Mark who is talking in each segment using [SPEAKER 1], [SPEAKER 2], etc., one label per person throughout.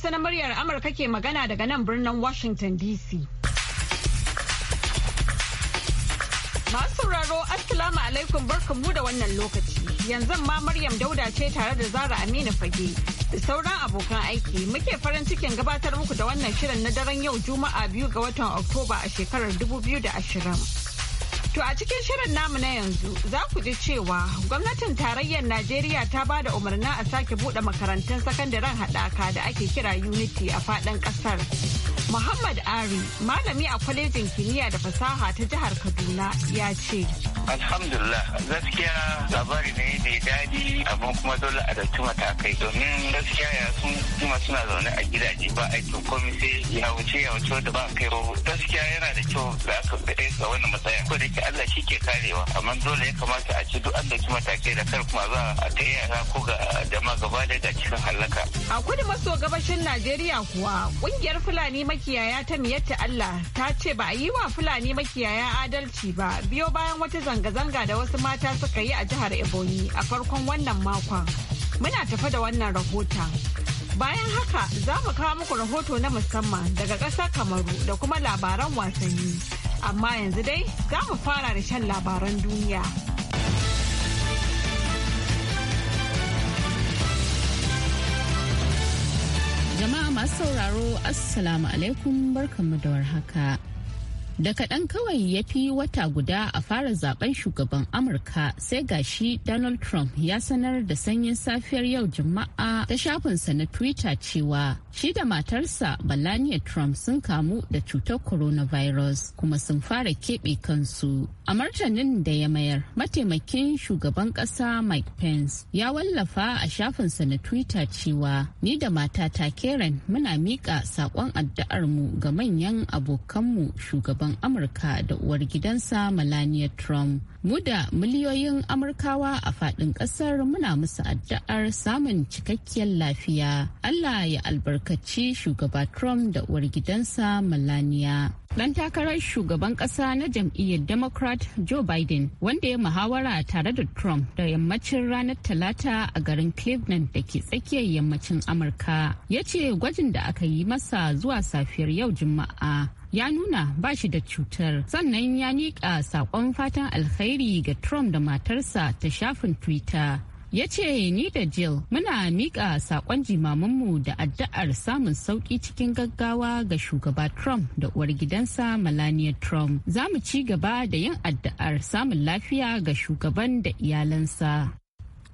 [SPEAKER 1] Hausa na muryar Amurka ke magana daga nan birnin Washington DC. Masu sauraro Assalamu alaikum mu da wannan lokaci. Yanzu ma Maryam Dauda ce tare da Zara Aminu Fage. Da sauran abokan aiki muke farin cikin gabatar muku da wannan shirin na daren yau Juma'a biyu ga watan Oktoba a shekarar 2020. To a cikin shirin namu na yanzu za ku ji cewa gwamnatin tarayyar Najeriya ta ba da umarna a sake buɗe makarantun sakandaren haɗaka da ake kira Unity a faɗin ƙasar. Muhammad Ari, malami a kwalejin kimiyya da fasaha ta jihar Kaduna ya ce.
[SPEAKER 2] Alhamdulillah gaskiya labari ne mai daɗi abin kuma dole a dauki matakai domin gaskiya ya sun kuma suna zaune a gidaje ba yi komai sai ya wuce ya wuce da ba kai gaskiya yana da kyau da aka kaɗe ga wani matsayin ko da ke Allah shi ke karewa amma dole ya kamata a ci duk an dauki matakai da kar kuma za a kai yara ko ga jama'a gaba da da cikin halaka.
[SPEAKER 1] A kudu maso gabashin Najeriya kuwa ƙungiyar Fulani makiyaya ta miyatta Allah ta ce ba a yi wa Fulani makiyaya adalci ba biyo bayan wata zanga zanga-zanga da wasu mata suka yi a jihar Ebonyi a farkon wannan makon. Muna tafa da wannan rahoton. Bayan haka za mu kawo muku rahoto na musamman daga ƙasar Kamaru da kuma labaran wasanni. Amma yanzu dai za mu fara da shan labaran duniya.
[SPEAKER 3] Jama'a masu sauraro, Assalamu alaikum barkanmu da warhaka. haka. da kaɗan kawai ya fi wata guda a fara zaben shugaban amurka sai gashi donald trump ya sanar da sanyin safiyar yau juma'a ta shafinsa na twitter cewa shi da matarsa melania trump sun kamu da cutar coronavirus kuma sun fara keɓe kansu A martanin da ya mayar, mataimakin shugaban ƙasa Mike Pence ya wallafa a shafinsa na Twitter cewa ni da matata Karen muna miƙa saƙon addu'armu ga manyan abokanmu shugaban Amurka da uwar gidansa Melania Trump. Mu da miliyoyin Amurkawa a faɗin ƙasar muna musu addu'ar samun cikakkiyar lafiya. Allah ya albarkaci shugaba Trump da uwar gidansa Melania. Ɗan takarar shugaban ƙasa na jam'iyyar Democrat Joe Biden wanda ya muhawara tare da Trump da yammacin ranar Talata a garin Cleveland da ke tsakiyar yammacin Amurka. Ya ce gwajin da aka yi masa zuwa safiyar yau Juma'a ya nuna ba shi da cutar sannan ya niƙa saƙon fatan alkhairi ga trump da matarsa ta shafin twitter ya ce ni da jill muna miƙa saƙon jimaminmu da addu'ar samun sauki cikin gaggawa ga shugaba trump da uwar gidansa melania trump za mu ci gaba da yin addu'ar samun lafiya ga shugaban da iyalansa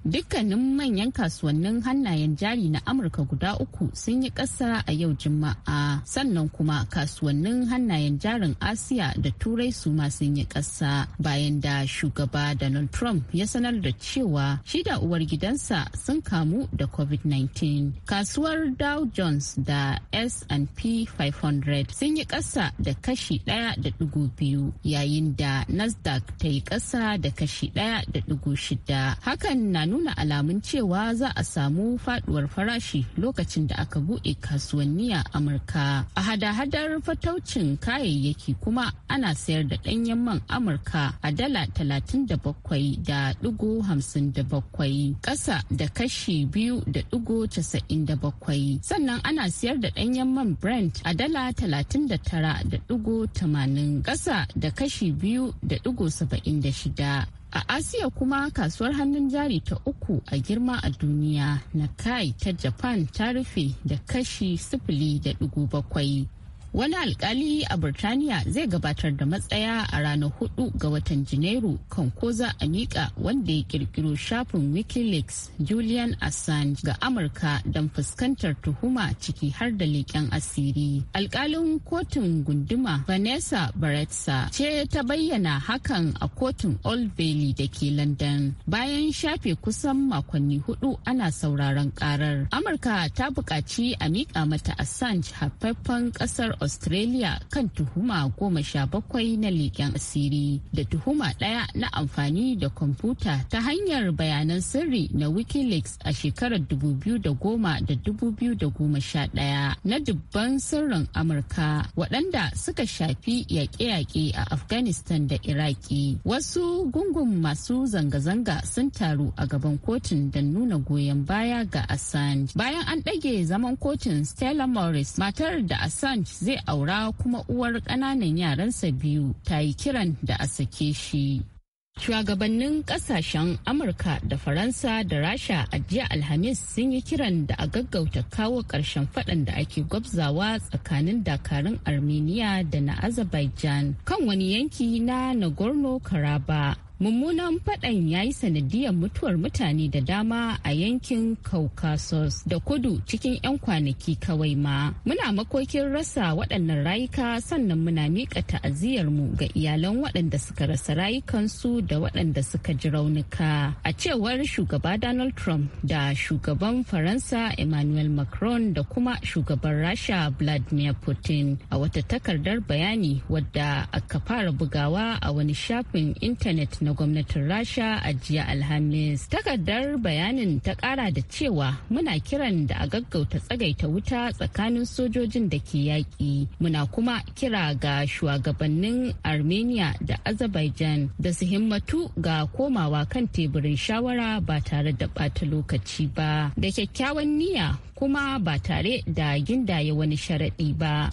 [SPEAKER 3] Dukkanin manyan kasuwannin hannayen jari na Amurka guda uku sun yi ƙasa a yau Juma'a sannan kuma kasuwannin hannayen jarin Asiya da Turai su ma sun yi ƙasa bayan da shugaba Donald Trump ya sanar da cewa shida uwar gidansa sun kamu da COVID-19. Kasuwar Dow Jones da S&P 500 sun yi ƙasa da kashi ɗaya da ɗigo biyu yayin da Nasdaq ta yi ƙasa da kashi ɗaya da ɗigo shida. Hakan na nuna nuna alamun cewa za a samu faduwar farashi lokacin da aka buɗe kasuwanni a Amurka. A hada-hadar fataucin kayayyaki kuma ana sayar da ɗanyen man Amurka a dala 37.57 da ƙasa da kashi biyu sannan ana sayar da ɗanyen man Brent a dala 39.80 da ɗigo ƙasa da kashi biyu A Asiya kuma kasuwar hannun jari ta uku a girma a duniya na kai ta Japan ta rufe da kashi sifili da ɗugu bakwai wani alkali a birtaniya zai gabatar da matsaya a ranar hudu ga watan janairu kan ko za a miƙa wanda ya kirkiro shafin wikileaks julian assange ga amurka don fuskantar tuhuma ciki har da leƙen asiri alkalin kotun gunduma vanessa baretsa ce ta bayyana hakan a kotun old bailey da ke london bayan shafe kusan makonni hudu ana sauraron karar amurka ta buƙaci a miƙa mata assange haifaffen ƙasar australia kan tuhuma goma sha bakwai na leƙen asiri da tuhuma ɗaya na amfani da kwamfuta ta hanyar bayanan sirri na wikileaks a shekarar 2010 da 2011 na dubban sirrin amurka waɗanda suka shafi yaƙe-yaƙe a afghanistan da iraki wasu gungun masu zanga-zanga sun taru a gaban kotun da nuna goyon baya ga assange bayan an ɗage zaman kotun stella morris matar da assange zai aura kuma uwar ƙananan yaransa biyu ta yi kiran da a sake shi. Shugabannin kasashen Amurka da Faransa da Rasha a jiya Alhamis sun yi kiran da a gaggauta kawo ƙarshen faɗan da ake gwabzawa tsakanin dakarun Armenia da na Azerbaijan kan wani yanki na Nagorno-Karabakh mummunan faɗan ya yi sanadiyar mutuwar mutane da dama a yankin caucasus da kudu cikin 'yan kwanaki kawai ma muna makokin rasa waɗannan rayuka sannan muna miƙa ta'aziyarmu ga iyalan waɗanda suka rasa rayukansu da waɗanda suka ji raunuka a cewar shugaba donald trump da shugaban faransa emmanuel macron da kuma shugaban rasha vladimir putin a wata takardar bayani wadda aka fara bugawa a wani shafin intanet na gwamnatin rasha a jiya alhamis takardar bayanin ta kara da cewa muna kiran da a gaggauta tsagaita wuta tsakanin sojojin da ke yaƙi muna kuma kira ga shugabannin armenia da azerbaijan da su himmatu ga komawa kan teburin shawara ba tare da bata lokaci ba da kyakkyawan niyya kuma ba tare da gindaya wani sharaɗi ba.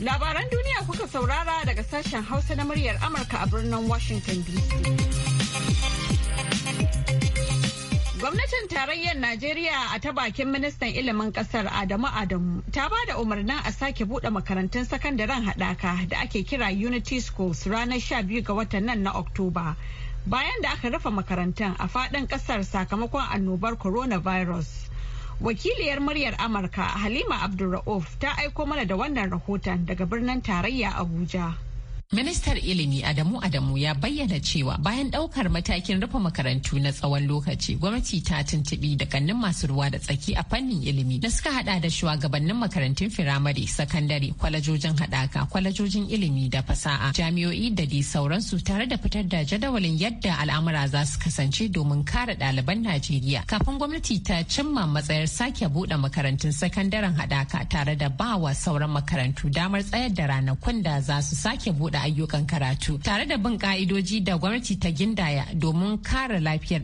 [SPEAKER 1] Labaran duniya kuka saurara daga sashen Hausa na muryar Amurka a birnin Washington DC. Gwamnatin tarayyar Najeriya a ta bakin ministan ilimin kasar Adamu Adamu ta ba da umarnin a sake bude makarantun sakandaren haɗaka da ake kira Unity Schools ranar 12 ga watan nan na Oktoba. Bayan da aka rufe makarantun a faɗin ƙasar sakamakon annobar coronavirus. Wakiliyar muryar Amurka Halima Abdulra'uf ta aiko mana da wannan rahoton daga birnin tarayya Abuja. Ministar Ilimi Adamu Adamu
[SPEAKER 4] ya bayyana cewa bayan ɗaukar matakin rufe makarantu na tsawon lokaci gwamnati ta tuntubi da kannin masu ruwa da tsaki a fannin ilimi da suka hada da shugabannin makarantun firamare, sakandare, kwalejojin haɗaka, kwalejojin ilimi da fasaha, jami'o'i da dai sauransu tare da fitar da jadawalin yadda al'amura za su kasance domin kare ɗaliban Najeriya kafin gwamnati ta cimma matsayar sake buɗe makarantun sakandaren haɗaka tare da bawa sauran makarantu damar tsayar da ranakun da za su sake buɗe da ayyukan karatu tare da bin ka'idoji da gwamnati ta gindaya domin kare lafiyar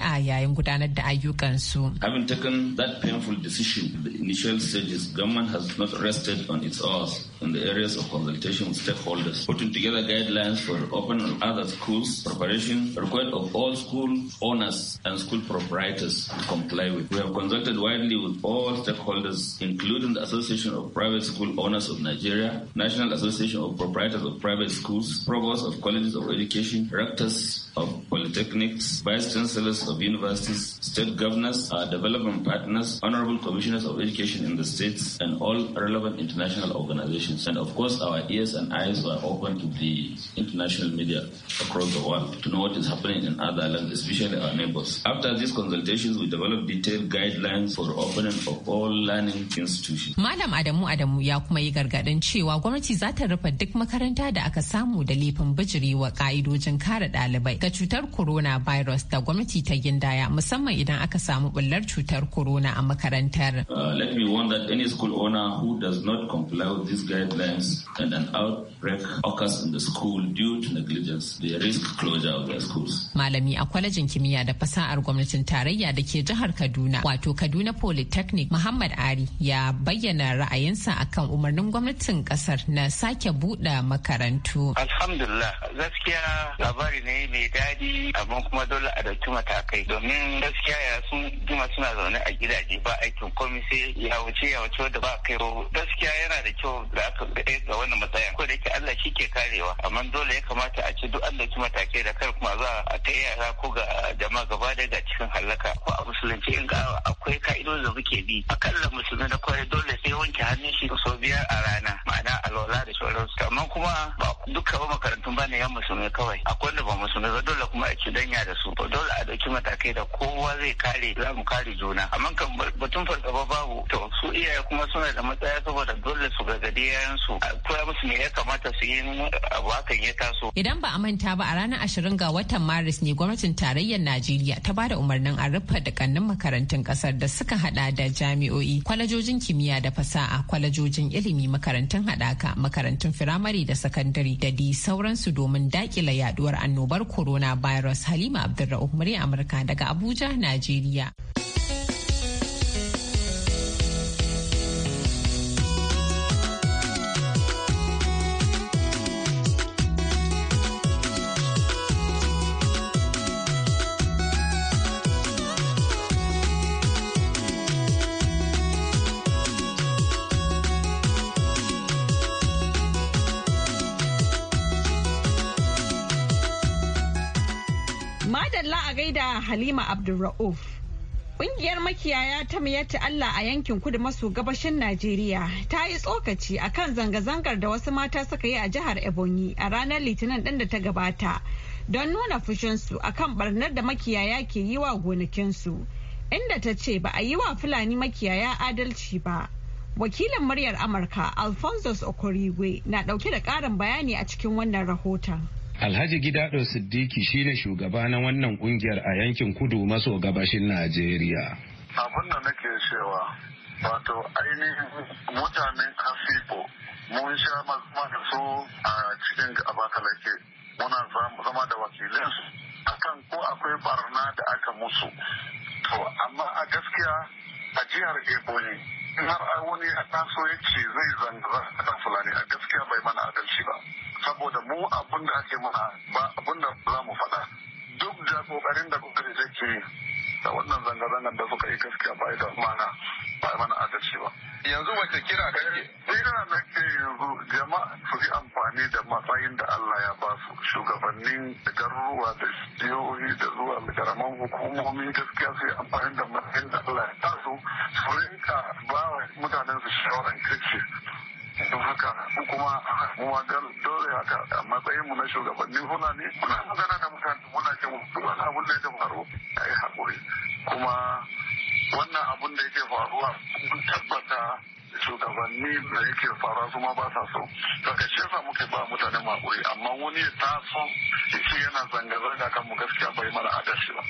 [SPEAKER 4] a yayin gudanar da Having
[SPEAKER 5] taken that painful decision, the initial stages, government has not rested on its oars in the areas of consultation with stakeholders, putting together guidelines for open and other schools, preparation required of all school owners and school proprietors to comply with. We have consulted widely with all stakeholders, including the Association of Private School Owners of Nigeria, National Association of Proprietors of Private private schools, provosts of colleges of education, rectors, of polytechnics, vice chancellors of universities, state governors, our development partners, honorable commissioners of education in the states, and all relevant international organizations. And of course, our ears and eyes were open to the international media across the world to know what is happening in other lands, especially our neighbors. After these consultations, we developed detailed guidelines for opening of all learning institutions.
[SPEAKER 4] Malam Adamu Adamu ya kuma yi gargadin cewa gwamnati za ta rufe duk makaranta da aka samu da laifin wa ka'idojin kare ɗalibai. da cutar corona virus da gwamnati ta gindaya musamman idan aka samu bullar cutar corona a makarantar. Uh,
[SPEAKER 5] let me warn that any school owner who does not comply with these guidelines and an outbreak occurs in the school due to negligence, they risk closure of their schools.
[SPEAKER 4] Malami a kwalejin kimiyya da Fasa'ar gwamnatin tarayya da ke jihar Kaduna, wato Kaduna Polytechnic Muhammad Ari ya bayyana ra'ayinsa akan umarnin gwamnatin kasar na sake buɗe makarantu. Alhamdulillah,
[SPEAKER 2] gaskiya labari ne mai gadi abin kuma dole a dauki matakai domin gaskiya ya sun jima suna zaune a gidaje ba aikin komai sai ya wuce ya wuce da ba kai gaskiya yana da kyau da aka ga wannan matsayin ko da yake Allah shi ke karewa amma dole ya kamata a ci duk an dauki matakai da kar kuma za a kai yara ko ga jama'a gaba da ga cikin halaka ko a musulunci in ga akwai ka'idodin da muke bi akalla musulmi na kwarai dole sai wanke hannun shi sau biyar a rana ma'ana alwala da sauransu amma kuma ba duka makarantun ne yan musulmi kawai akwai wanda ba musulmi ba dole kuma a ci danya da su ba dole a dauki matakai da kowa zai kare za mu kare juna amma kan batun fargaba babu to su iyaye kuma suna da matsaya saboda dole su gargadi yayan su koya musu me ya kamata su yi abu hakan ya taso
[SPEAKER 4] idan ba a manta ba a ranar ashirin ga watan maris ne gwamnatin tarayyar najeriya ta ba da umarnin a rufe kannin makarantun kasar da suka hada da jami'o'i kwalejojin kimiyya da fasaha kwalejojin ilimi makarantun hadaka makarantun firamare da sakandare da di sauransu domin dakila yaduwar annobar corona coronavirus halima abdulra'uf murya amurka daga abuja najeriya
[SPEAKER 1] gaida Halima Abdulra'uf. Ƙungiyar makiyaya ta miyatta Allah a yankin kudu maso gabashin Najeriya ta yi tsokaci a kan zanga-zangar da wasu mata suka yi a jihar Ebonyi a ranar Litinin ɗin da ta gabata don nuna fushinsu a kan ɓarnar da makiyaya ke yi wa gonakinsu, inda ta ce ba a yi wa Fulani makiyaya adalci ba. Wakilin muryar Amurka Alphonsus Okorigwe na ɗauke da ƙarin bayani a cikin wannan rahoton.
[SPEAKER 6] Alhaji Gidado Siddiki shine shugaba na wannan kungiyar a yankin kudu maso gabashin Najeriya.
[SPEAKER 7] Abin da nake cewa wato ainihin mutanen Kasifo mun sha masu su a cikin abakalake muna zama da wakilinsu akan ko akwai barna da aka musu. To amma a gaskiya a jihar Ebonyi in har wani a taso ya zai zanga fulani a gaskiya bai mana adalci ba. saboda mu abin da ake mana ba abin da za mu faɗa duk da kokarin da kuka da ke da wannan zanga-zangar da suka yi gaskiya ba da mana ba mana adalci ba yanzu wace kira kake kira na ke yanzu jama'a su yi amfani da matsayin da Allah ya ba su shugabannin da garuruwa da jihohi da zuwa garaman hukumomi gaskiya su yi amfani da matsayin da Allah ya ba su su rinka ba mutanen su shawaran kirki don haka mu kuma kuma dole haka a matsayin mu na shugabannin ne muna magana da mutane muna ce duk wani abun da ya faru a yi haƙuri kuma wannan abun da yake faruwa mun tabbata shugabanni da yake faruwa su ma ba sa so daga shi yasa muke ba mutane hakuri amma wani ya taso shi yana zanga-zanga kan mu gaskiya bai mana adalci ba.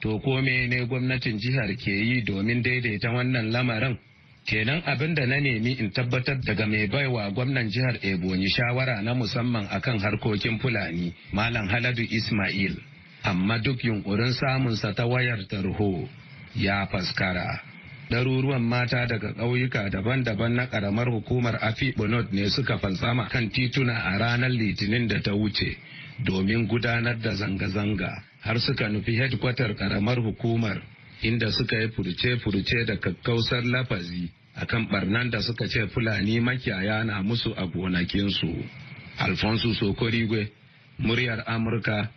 [SPEAKER 6] To ko ne gwamnatin jihar ke yi domin daidaita wannan lamarin? kenan abin da na nemi in tabbatar daga mai baiwa gwamnan jihar ebonyi shawara na musamman akan harkokin fulani malam haladu ismail amma duk yunkurin sa ta wayar tarho ya faskara ɗaruruwan mata daga ƙauyuka daban-daban na ƙaramar hukumar afi ne suka fantsama kan tituna a ranar litinin da ta wuce domin gudanar da zanga-zanga har suka nufi hedkwatar ƙaramar hukumar inda suka yi furuce-furuce da kakkausar lafazi akan barnan da suka ce fulani makiyaya na musu a gonakinsu. Alfonso Sokorigwe, muryar Amurka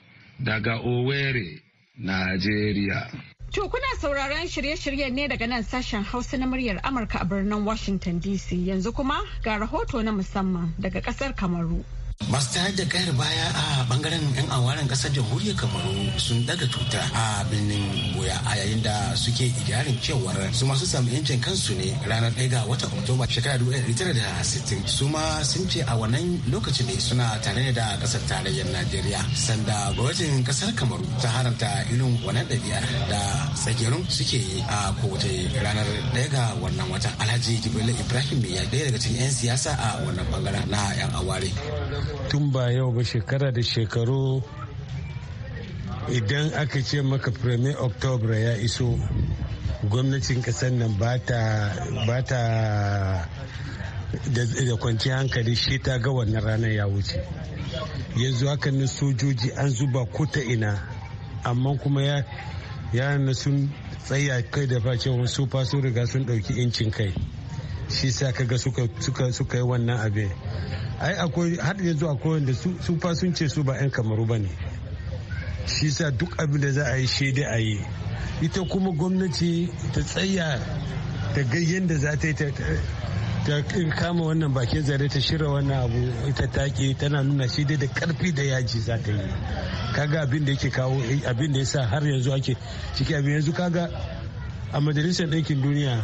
[SPEAKER 6] daga Owerri, Najeriya.
[SPEAKER 1] To kuna sauraron shirye-shiryen ne daga nan sashen Hausa na muryar Amurka a birnin Washington DC yanzu kuma ga rahoto na musamman daga kasar Kamaru.
[SPEAKER 8] masu da kayar baya a bangaren yan awaren kasar jamhuriyar kamaru sun daga tuta a birnin boya a yayin da suke idarin cewar su masu samu yancin kansu ne ranar ɗaya ga watan oktoba shekara sittin su ma sun ce a wannan lokacin ne suna tare da kasar tarayyar najeriya sanda gwamnatin kasar kamaru ta haramta irin wannan ɗabi'ar da tsagerun suke yi a kowace ranar ɗaya ga wannan watan alhaji jibril ibrahim ya ɗaya daga cikin 'yan siyasa a wannan bangaren na 'yan aware
[SPEAKER 9] tun ba yau ba shekara da shekaru idan aka ce maka premier october ya iso gwamnatin kasar nan ba ta da kwanci hankali shi ta ga wannan ranar ya wuce yanzu haka na sojoji an zuba ko ina amma kuma ya yaran sun tsaya kai da face wasu faso riga sun ɗauki incin kai shi sa kaga suka yi wannan abe ai akwai har yanzu akwai wanda su fa sun ce su ba yan kamaru ba ne shi sa duk abin da za a yi shaidai a yi ita kuma gwamnati ta tsaya ta ga da za ta yi ta kama wannan bakin zare ta shirya wannan abu ita take tana nuna shaida da karfi da yaji za ta yi kaga abin da yake kawo abin da ya sa har yanzu ake ciki abin yanzu kaga a majalisar ɗinkin duniya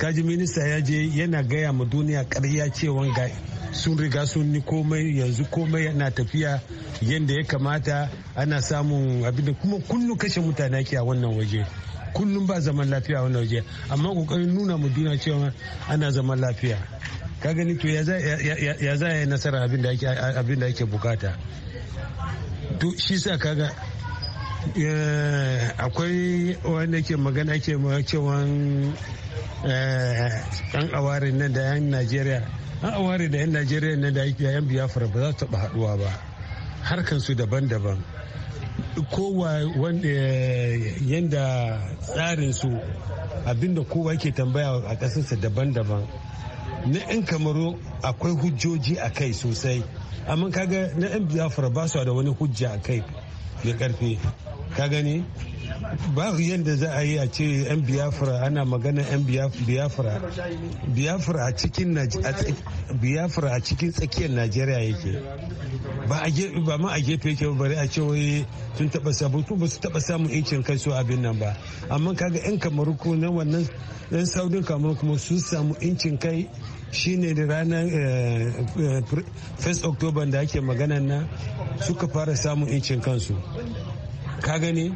[SPEAKER 9] kaji minista ya je yana gaya ma duniya karya cewa ga sun riga sun ni komai yanzu komai na tafiya yadda ya kamata ana samun abin da kuma kullum kashe mutane ake a wannan waje kullum ba zaman lafiya a wannan waje amma kokarin nuna ma duniya cewa ana zaman lafiya ka gani to ya za ya nasara abin da ake bukata to shi sa kaga eh, akwai wanda ke magana ke cewa Eh, yan aware nan da yan najeriya an aware da yan najeriya da yan biyafar ba za su taɓa haɗuwa ba harkansu daban-daban kowa yadda tsarinsu abinda kowa ke tambaya a ƙasarsa daban-daban na 'yan kamaru akwai hujjoji a kai sosai amma kaga na 'yan biyafar ba su da wani hujja a kai mai karfi ka gani ba yadda za a yi a ce 'yan biyafra ana magana 'yan biyafra biyafra a cikin biyafra a cikin tsakiyar najeriya yake ba a ba ma a gefe yake bari a ce wai sun taba sabutu ba su taba samun incin kai su abin nan ba amma kaga 'yan kamaru ko na wannan 'yan saudin kamaru kuma su samu incin kai shine da ranar 1 eh, eh, october da ake magana na suka fara samun incin kansu ka gani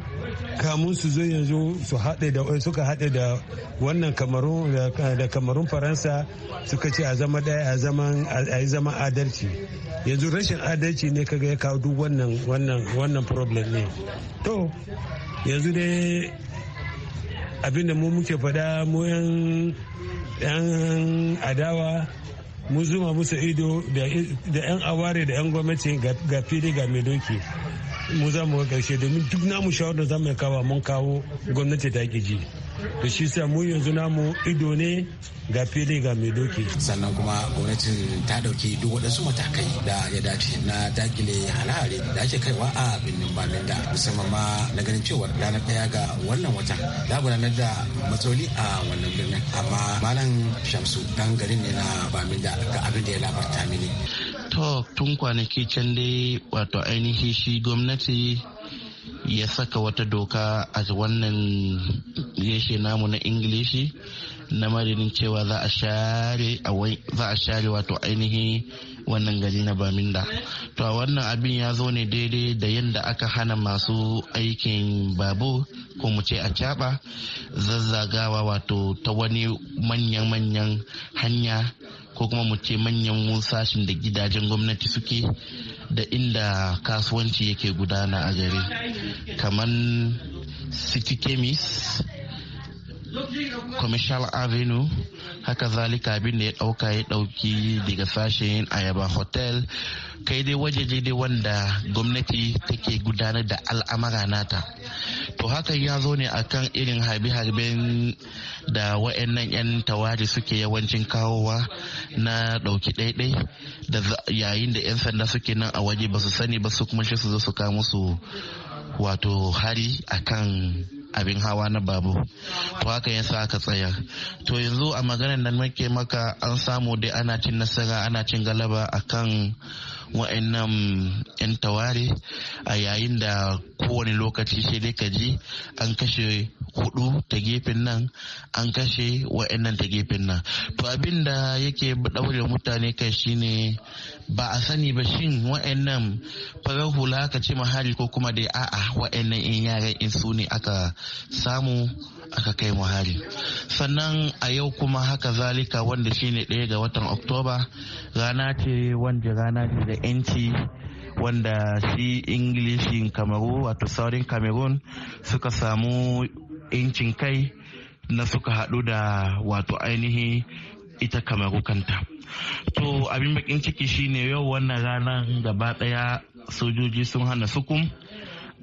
[SPEAKER 9] kamun su zo yanzu su haɗe da suka haɗe da wannan kamarun da kamarun faransa suka ce a zama ɗaya a zaman a yi zaman adalci yanzu rashin adalci ne kaga ya kawo duk wannan wannan wannan problem ne to yanzu dai abinda mu muke faɗa mu yan adawa mu zuma musu ido da 'yan aware da 'yan gwamnati ga fili ga mai doki mu za mu ga ƙarshe domin duk namu shawarar da za mu kawo mun kawo gwamnati ta ke ji da shi sa mu yanzu namu ido ne ga fili ga mai doki sannan kuma gwamnatin
[SPEAKER 8] ta ɗauki duk waɗansu matakai da ya dace na dakile halare da ake kaiwa a birnin da musamman ma na ganin cewar ranar ɗaya ga wannan wata da gudanar da matsaloli a wannan birnin amma malam shamsu dan garin ne na baminda ga abin da ya labarta mini
[SPEAKER 10] To tun kwanaki can dai wato ainihi shi gwamnati ya saka wata doka a wannan yashe namu na ingilishi na madadin cewa za a share wato ainihi wannan gari na baminda to a wannan abin ya zo ne daidai da yadda aka hana masu aikin babu ko mu ce a caba zazzagawa wato ta wani manyan-manyan hanya ko kuma mu ce manyan sashin da gidajen gwamnati suke da inda kasuwanci yake gudana a gari kamar city chemist commercial avenue haka zalika abin da ya dauka ya dauki daga sashen ayaba hotel kai dai wajeje dai wanda gwamnati take gudanar da al'amara nata to hakan ya zo ne akan irin harbe-harben da wa'annan 'yan tawari suke yawancin kawowa na ɗauki ɗaiɗai da yayin da 'yan sanda suke nan a waje ba su sani ba su kuma shi su zo su kawo musu wato hari akan abin hawa na babu to haka ya sa aka tsaya to yanzu a maganar da muke maka an samu dai ana cin nasara ana cin galaba akan wa'annan 'yan taware a yayin da kowane lokaci sai dai ka ji an kashe hudu ta gefen nan an kashe wa'annan ta gefen nan to abin da yake daure mutane kai shine ba a sani ba shin wa'annan farar hula ka ce mahali ko kuma dai a'a wa'annan 'yan yaran in su ne aka samu aka kai muhari sannan a yau kuma haka zalika wanda shine ɗaya ga watan oktoba rana ce wanda rana ce da 'yanci wanda shi ingilishin kamaru wato saurin cameroon suka samu 'yancin kai na suka haɗu da wato ainihi ita kamaru kanta to abin bakin ciki shine yau wannan ranar gaba ɗaya sojoji sun hana sukun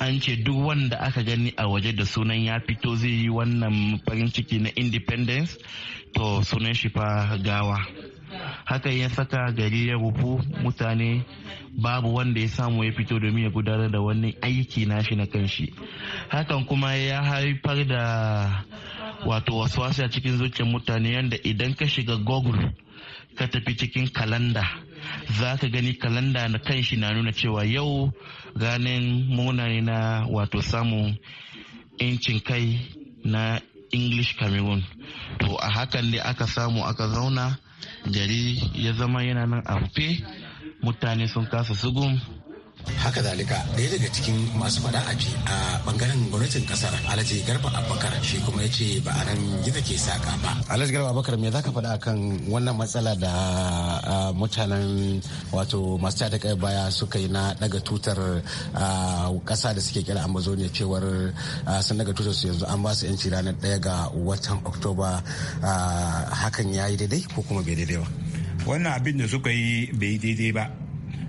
[SPEAKER 10] an ce duk wanda aka gani a waje da sunan ya fito zai yi wannan farin ciki na independence to sunan shi fa gawa hakan ya saka gari ya rufu mutane babu wanda ya samu ya fito domin ya gudanar da wani aiki nashi na kanshi hakan kuma ya haifar da wato wasu a cikin zuciyar mutane yadda idan ka shiga google ka tafi cikin kalanda za ka gani kalanda na kanshi na nuna cewa yau ganin munane na wato samun 'yancin kai na english cameroon to a hakan ne aka samu aka zauna gari ya zama yana nan a rufe mutane sun kasa sugun
[SPEAKER 8] haka zalika daya daga cikin masu faɗa a ji a bangaren gwamnatin kasar alhaji garba abubakar shi kuma ya ce ba a nan gida ke saka ba alhaji garba abubakar me za ka faɗa akan wannan matsala da mutanen wato masu ta kai baya suka yi na daga tutar ƙasa da suke kira amazonia cewar sun daga tutar su yanzu an ba su yanci ranar ɗaya ga watan oktoba hakan ya yi daidai ko kuma bai daidai ba wannan abin da
[SPEAKER 11] suka yi bai daidai ba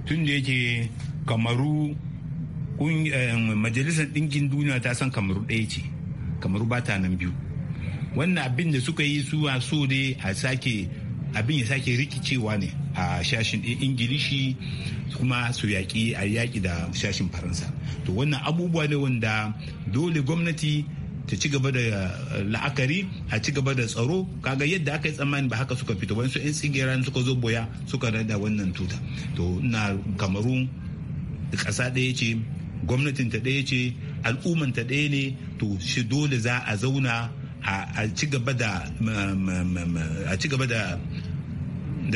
[SPEAKER 11] tun da yake kamaru eh, majalisar ɗinkin duniya ta san kamaru ɗaya ce kamaru ba ta nan biyu wannan abin da suka yi suwa so ne a sake abin ya sake rikicewa ne a shashin ingilishi kuma su yaƙi a yaƙi da shashin faransa to wannan abubuwa ne wanda dole gwamnati ta ci gaba da eh, la'akari a ci gaba da tsaro kaga yadda aka yi tsammani ba haka suka fito wani su 'yan tsigiran suka zo boya suka rada wannan tuta to na kamarun ƙasa ɗaya ce gwamnatin ta ɗaya ce al'umman ta ɗaya ne to shi dole za a zauna a ci gaba da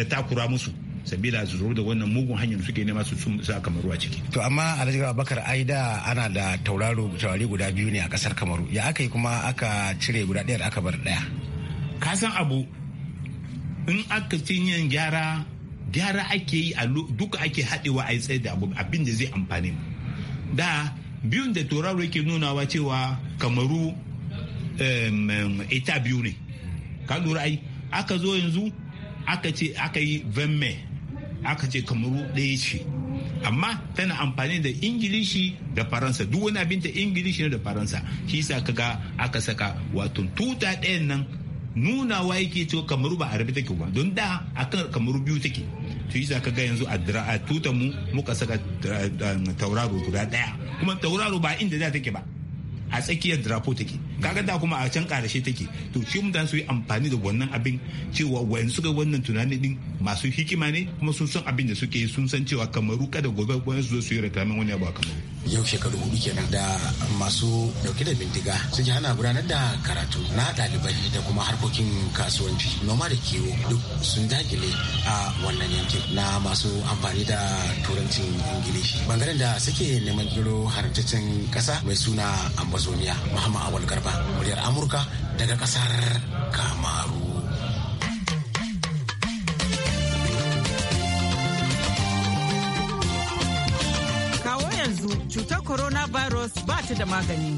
[SPEAKER 11] takura musu sabila su zuru da wannan mugun hanyar suke nema su sa kamaru a ciki.
[SPEAKER 8] To amma Alhaji Abubakar Aida ana da tauraro taurari guda biyu ne a kasar Kamaru. Ya aka yi kuma aka cire guda ɗaya aka bar ɗaya. Ka san abu in aka cinye gyara
[SPEAKER 11] gyara ake yi a duka ake haɗewa a tsaye da abin da zai amfani da biyun da tauraro yake nunawa cewa kamaru ita biyu ne ka lura ai aka zo yanzu aka ce aka yi venme aka ce kamaru ɗaya ce amma tana amfani da ingilishi da faransa duk wani abin da ingilishi ne da faransa shi sa kaga aka saka wato tuta ɗayan nan Nuna wa yake cewa kamaru ba a rabe take ba don da akan kamaru biyu take to yi ka ga yanzu a tutan mu muka saka eh, eh, tauraro guda daya kuma tauraro ba inda za take ba a tsakiyar drapo take kaga da kuma a can karashe take to shi mutane su yi amfani da wannan abin cewa wayan suka wannan tunani din masu hikima ne kuma sun san abin da suke sun san cewa kamaru kada gobe wani su zo su yi rakamin wani abu a yau shekaru
[SPEAKER 8] hudu kenan da masu dauke da bindiga suke hana gudanar da karatu na ɗalibai da kuma harkokin kasuwanci noma da kiwo duk sun dakile a wannan yankin na masu amfani da turancin ingilishi bangaren da suke neman kiro harcicin kasa mai suna amba mazomiya Muhammad Awal Garba muryar Amurka daga kasar Kamaru.
[SPEAKER 1] Kawo yanzu cutar coronavirus ba ta da magani.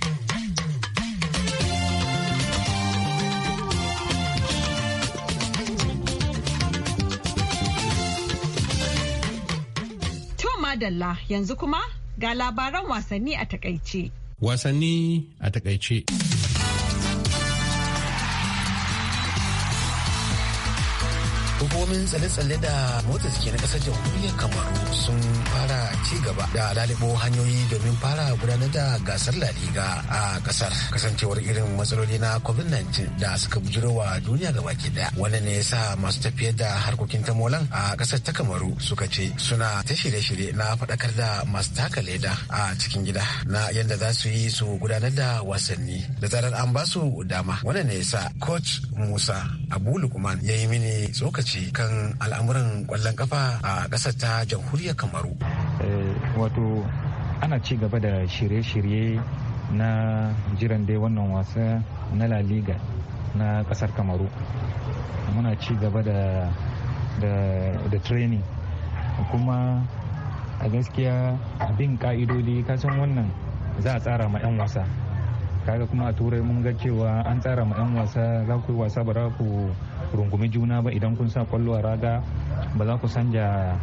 [SPEAKER 1] madalla yanzu kuma ga labaran wasanni a takaice.
[SPEAKER 8] Wasanni a takaice. hukumomin tsale-tsale da motsa jiki na kasar jamhuriyar kamaru sun fara ci gaba da lalibo hanyoyi domin fara gudanar da gasar laliga a kasar kasancewar irin matsaloli na covid-19 da suka bujirowa duniya ga baki daya wannan ne ya sa masu tafiyar da harkokin tamolan a kasar ta kamaru suka ce suna ta shirye-shirye na faɗakar da masu taka leda a cikin gida na yadda za su yi su gudanar da wasanni da zarar an ba su dama wannan ne ya sa coach musa abu lukman ya yi mini tsokaci ce kan al'amuran kwallon kafa a ƙasar ta jamhuriyar kamaru
[SPEAKER 12] eh, wato ana ci gaba da shirye-shirye na jiran dai wannan wasa na la liga na kasar kamaru muna ci gaba da da training kuma a gaskiya abin ka'idodi kasan wannan za a tsara ma 'yan wasa kaga kuma a turai mun ga cewa an tsara ma 'yan wasa za ku yi wasa ba za ku ku rungumi juna ba idan kun sa kwallo a raga ba za ku sanja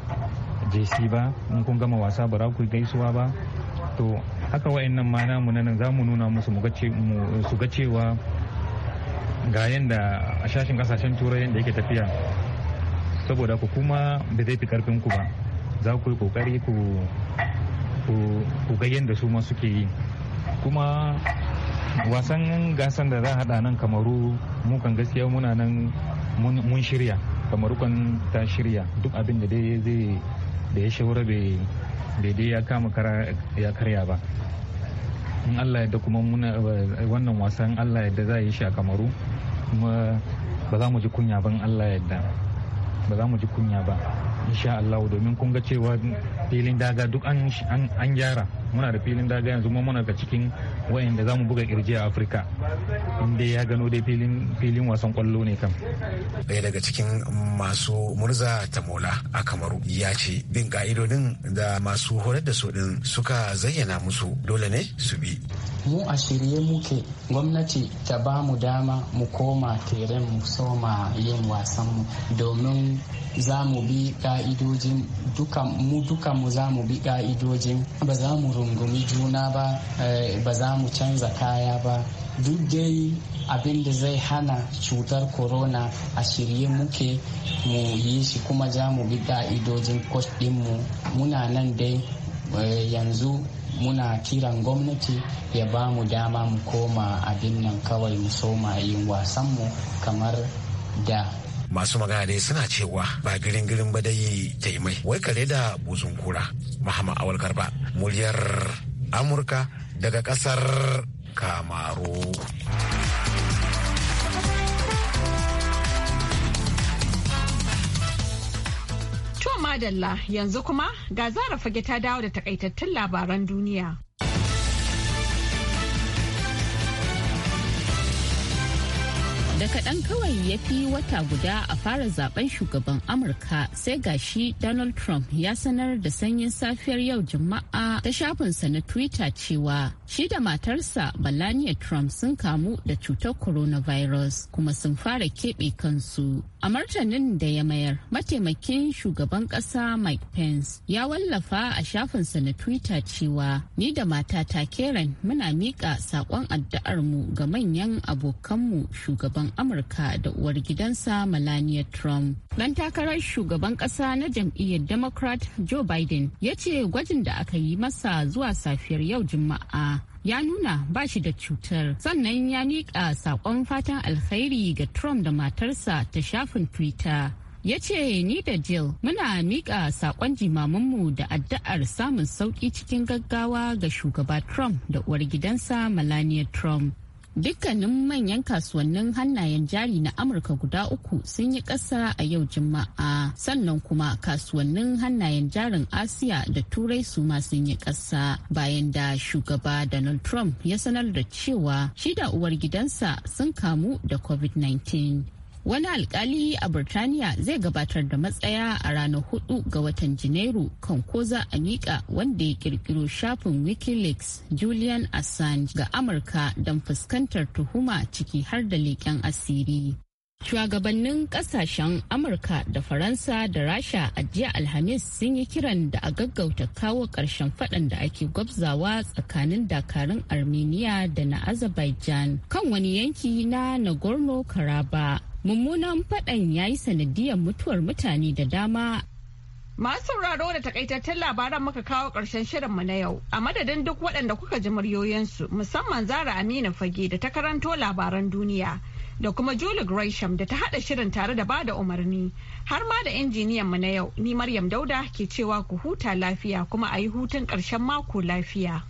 [SPEAKER 12] jc ba in kun gama wasa ba za ku gaisuwa ba to haka wa'annan ma namu nan za mu nuna musu su ga cewa ga yadda a shashin kasashen turai yadda yake tafiya saboda ku kuma ba zai fi karfin ku ba za ku yi kokari ku ga yadda su ma suke yi kuma wasan gasan da za a haɗa nan kamaru mukan gaskiya muna nan mun shirya kamarukon ta shirya duk abin da dai zai da ya shaura bai dai ya kama ya karya ba in allah yadda kuma muna wannan wasan allah yadda za a yi shi a kamaru kuma ba za mu ji kunya ba in allah yadda ba za mu ji kunya ba insha allahu domin kun ga cewa filin daga duk an gyara muna da filin daga yanzu mu muna ga cikin wayanda zamu buga kirji a Afirka inda ya gano dai filin filin wasan kwallo ne
[SPEAKER 8] kam daya daga cikin masu murza ta tamola a Kamaru ya ce bin ka'idodin da masu horar da su din suka zayyana musu dole ne su bi
[SPEAKER 10] mu a shirye muke gwamnati ta ba mu dama mu koma teren mu soma yin wasanmu domin za bi ka'idojin mu duka mu za mu bi ka'idojin ba za mu rungumi juna ba eh, ba za mu canza kaya ba duk dai abin da zai hana cutar corona a shirye muke mu yi shi kuma za mu bi ka'idojin coach mu muna nan dai eh, yanzu muna kiran gwamnati ya ba mu dama mu koma abin nan kawai mu soma yin wasanmu kamar da
[SPEAKER 8] masu magana dai suna cewa ba girin girin ba dai ta yi mai wai kare da buzun kura mahama awal garba muryar amurka daga kasar kamaru
[SPEAKER 1] madalla yanzu kuma ga zara fage ta dawo da takaitattun labaran duniya
[SPEAKER 3] da kaɗan kawai ya fi wata guda a fara zaben shugaban amurka sai gashi donald trump ya sanar da sanyin safiyar yau juma'a ta shafinsa na twitter cewa shi da matarsa melania trump sun kamu da cutar coronavirus kuma sun fara keɓe kansu a martanin da ya mayar mataimakin shugaban ƙasa mike pence ya wallafa a shafinsa na twitter cewa ni da matata karen muna miƙa saƙon addu'armu ga manyan abokanmu shugaban shugaban Amurka da uwar gidansa Melania Trump. dan takarar shugaban kasa na jam'iyyar Democrat Joe Biden ya ce gwajin da aka yi masa zuwa safiyar yau Juma'a ya nuna ba shi da cutar sannan ya miƙa saƙon fatan alkhairi ga Trump da matarsa ta shafin Twitter. ya ce ni da jill muna miƙa saƙon jimaminmu da addu'ar samun sauƙi cikin gaggawa ga shugaba trump da uwar gidansa melania trump Dukkanin manyan kasuwannin hannayen jari na Amurka guda uku sun yi ƙasa a yau Juma'a sannan kuma kasuwannin hannayen jarin Asiya da Turai su ma sun yi ƙasa bayan da shugaba Donald Trump ya sanar da cewa shida uwar gidansa sun kamu da COVID-19. wani alkali a burtaniya zai gabatar da matsaya a ranar hudu ga watan janairu kan ko za a miƙa wanda ya kirkiro shafin wikileaks julian assange ga amurka don fuskantar tuhuma ciki har da leƙen asiri Shugabannin kasashen Amurka da Faransa da Rasha a jiya Alhamis sun yi kiran da a gaggauta kawo karshen faɗan da ake gwabzawa tsakanin dakarun Armenia da na Azerbaijan kan wani yanki na nagorno karaba mummunan faɗan ya yi sanadiyar mutuwar mutane da dama Masu sauraro
[SPEAKER 1] da takaitattun labaran muka kawo ƙarshen mu na yau, a madadin duk waɗanda kuka ji muryoyinsu musamman Zara Aminu Fage da ta karanto labaran duniya da kuma Julie Gresham da ta haɗa shirin tare da bada umarni har ma da injiniyan mu na yau, ni Maryam Dauda ke cewa ku huta lafiya kuma a yi hutun ƙarshen mako lafiya.